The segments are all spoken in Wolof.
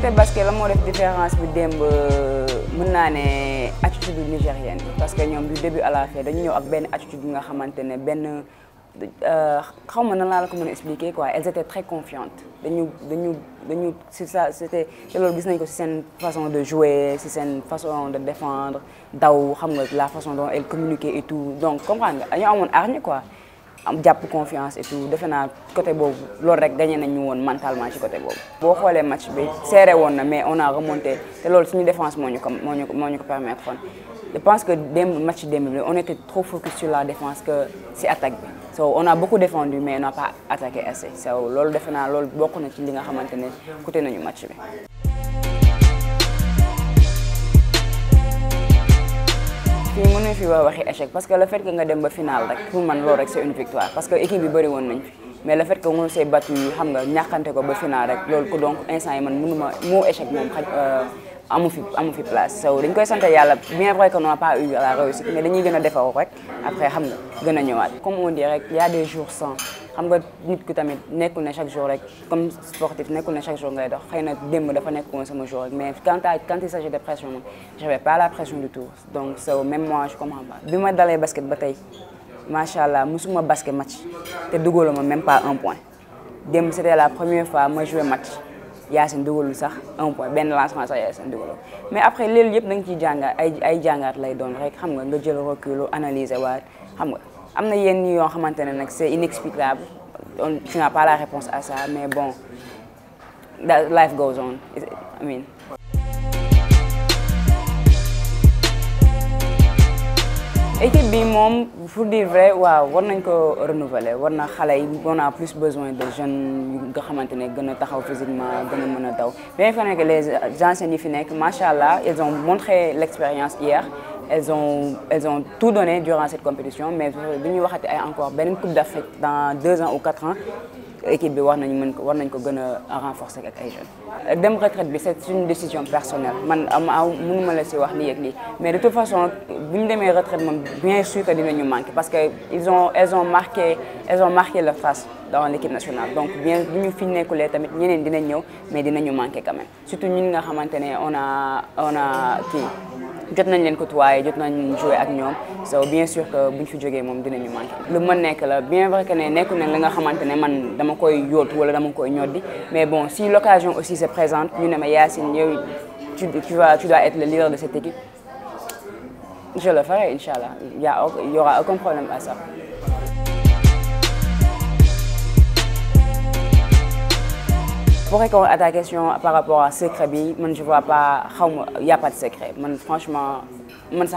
côté basket la moo def différence bi demb euh, mën naa ne attitude nigérienne parce que ñom du début à la fin dañu ñëw ak benn attitude nga xamante ne euh xawma ma nan la ko mën expliquer quoi elles étaient très confiantes dañu dañu dañu c'est ça c'était te loolu gis nañ ko ci sen façon de jouer ci sen façon de défendre daw xam nga la façon dont elles communiquaient et tout donc comprendre nga dañoo amoon hargne quoi am jàpp confiance et tout defe naa côté boobu loolu rek gagné nañu woon mentalement ci côté boobu. beaucoup xoolee match bi serré a na mais on a remonté c'est loolu suñu défense moo ñu ko moo ko permettre je pense que des match démb on était trop focus sur la défense que c'est attaque bi. so on a beaucoup défendu mais on n'a pas attaqué assez so loolu defe naa loolu bokk na ci li nga xamante ne coûté nañu match bi. fii mënuñu fi wax waxi échec parce que le fait que nga dem ba final rek pour man loolu rek c'est une victoire parce que équipe bi bëri woon mais le fait que mënu see battu xam nga ñàkkante ko ba final rek loolu donc instant yi man mënuma moo échec moom xaj euh, amu fi amu fi place so dañ koy sant yàlla bien vrai que on pas eu la réussite mais dañuy gën a defaru rek après xam nga gën a ñëwaat comme on dit rek y des jours sans xam nga nit ku tamit nekkul ne chaque jour rek comme sportif nekkul ne chaque jour ngay dox xëy na démb dafa nekk woon sama jour rek mais quand à quand il s'agit de pression moom j'avais pas la pression du tout donc so même moi je comprends pas bi ma dalee basket ba tey macha allah musuma basket match te dugaluma même pas un point démb c'était la première fois ma joué match Yacine dugalul sax un point benn lancement sax Yacine dugalul mais après loolu yëpp da nga ciy jàngat ay ay jàngat lay doon rek xam nga nga jël recul analyser waat xam nga amna yenn yo xamantene nak c'est inexplicable on tu n'as pas la réponse à ça mais bon that life goes on I mean. Et bi mom pour dire vrai waaw war nañ ko renouveler war na yi on a plus besoin de jeunes yu nga xamante ne taxaw physiquement gëna mëna mën a daw bien que les anciens yi fi nekk ils ont montré l'expérience hier elles ont, elles ont tout donné durant cette compétition, mais nous avons encore une Coupe d'Afrique dans 2 ans ou 4 ans. L'équipe doit renforcer avec les jeunes. Dem retraite, c'est une décision personnelle. Je ne peux pas laisser dire ni Mais de toute façon, une de mes retraites, bien sûr que nous manquer parce qu'elles ont, elles ont, marqué, elles ont marqué leur face dans l'équipe nationale. Donc, bien, nous finissons que les tamit, mais nous manquer quand même. Surtout nous, on a, on a qui jot nañ leen ko tuwaayee jot nañ jouer ak eux. so bien sûr que buñ fi jógee moom dinañu manqué Le ma nekk la bien vrai que ne nekku ne la nga xamante ne man dama koy yóotu wala dama koy mais bon si l'occasion aussi se présente ñu ne Yassine, Yacine tu tu vas tu dois être le leader de cette équipe je le ferai Inch'Allah. Il y a y aura aucun problème à ça Pour répondre à ta question par rapport à secret, je ne vois pas, il n'y a pas de secret. Moi, franchement, moi, ça,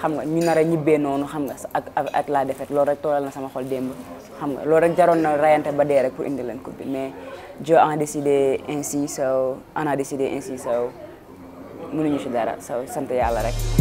xam nga ñu nar a ñibbee noonu xam nga ak ak la défaite loolu rek tooral na sama xol démb xam nga loolu rek jaroon na rayante ba dee rek pour indi leen coupe bi mais Dieu a décidé ainsi so on a décidé ainsi so mënuñu ci dara so sant yàlla rek.